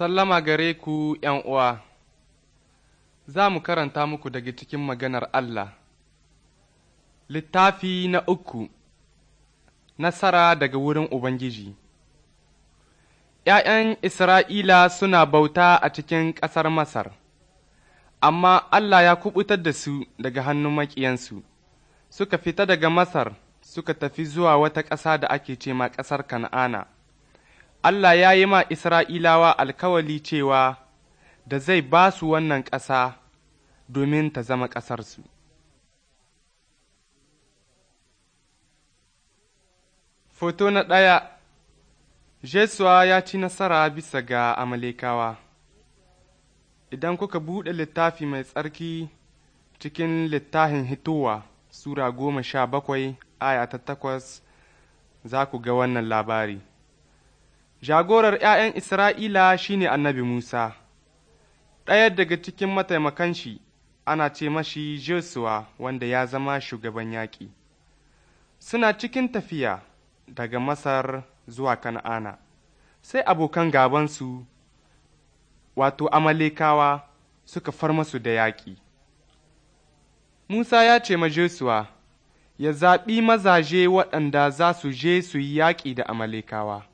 Sallama gare ku uwa za mu karanta muku daga cikin maganar Allah, littafi na uku, nasara daga wurin Ubangiji. ’Ya'yan Isra'ila suna bauta a cikin ƙasar Masar, amma Allah ya kuɓutar da su daga hannun maƙiyansu, suka fita daga Masar suka tafi zuwa wata ƙasa da ake ce ma ƙasar Kan'ana. Allah ya yi ma Isra'ilawa alkawali cewa da zai ba su wannan ƙasa domin ta zama ƙasarsu. Foto na ɗaya Jesuwa ya ci nasara bisa ga Amalekawa Idan kuka buɗe littafi mai tsarki cikin littafin hitowa Sura goma sha bakwai aya ta takwas za ku ga wannan labari. jagorar ’ya'yan Isra'ila shi ne annabi Musa, ɗaya daga cikin mataimakan shi ana ce mashi Joshua wanda ya zama shugaban yaƙi. Suna cikin tafiya daga Masar zuwa Kan'ana, sai abokan gabansu, wato Amalekawa, suka far masu da yaƙi. Musa ya ce ma Joshua, ya zaɓi mazaje waɗanda za su je su yi yaƙi da Amalekawa.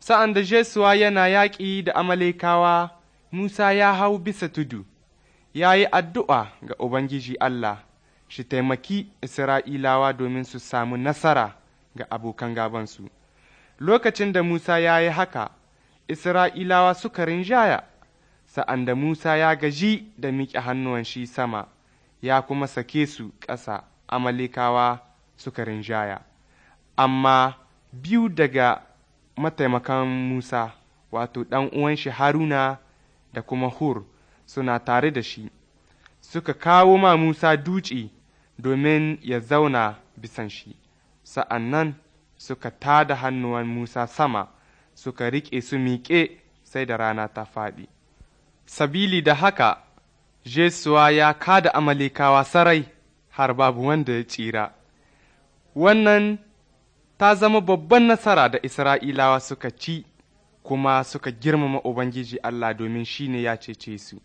Sa'an da Jesuwa yana yaƙi da Amalekawa, Musa ya hau bisa tudu, ya yi addu'a ga Ubangiji Allah, shi taimaki Isra'ilawa domin su samu nasara ga abokan gabansu. Lokacin da Musa ya yi haka, Isra'ilawa suka rinjaya, sa'an da Musa ya gaji da miƙe hannuwan shi sama, ya kuma sake su ƙasa, Amalekawa suka rinjaya. Amma biyu daga mataimakan Musa, wato ɗan uwan shi Haruna da kuma Hur suna tare da shi, suka kawo ma Musa duci domin ya zauna bisan shi, sa'an nan suka tada hannuwan Musa sama, suka riƙe su miƙe sai da rana ta faɗi. Sabili da haka, Jesuwa ya kada Amalekawa sarai har babu wanda ya tsira. Wannan ta zama babban nasara da Isra'ilawa suka ci kuma suka girmama Ubangiji Allah domin shi ne ya cece su.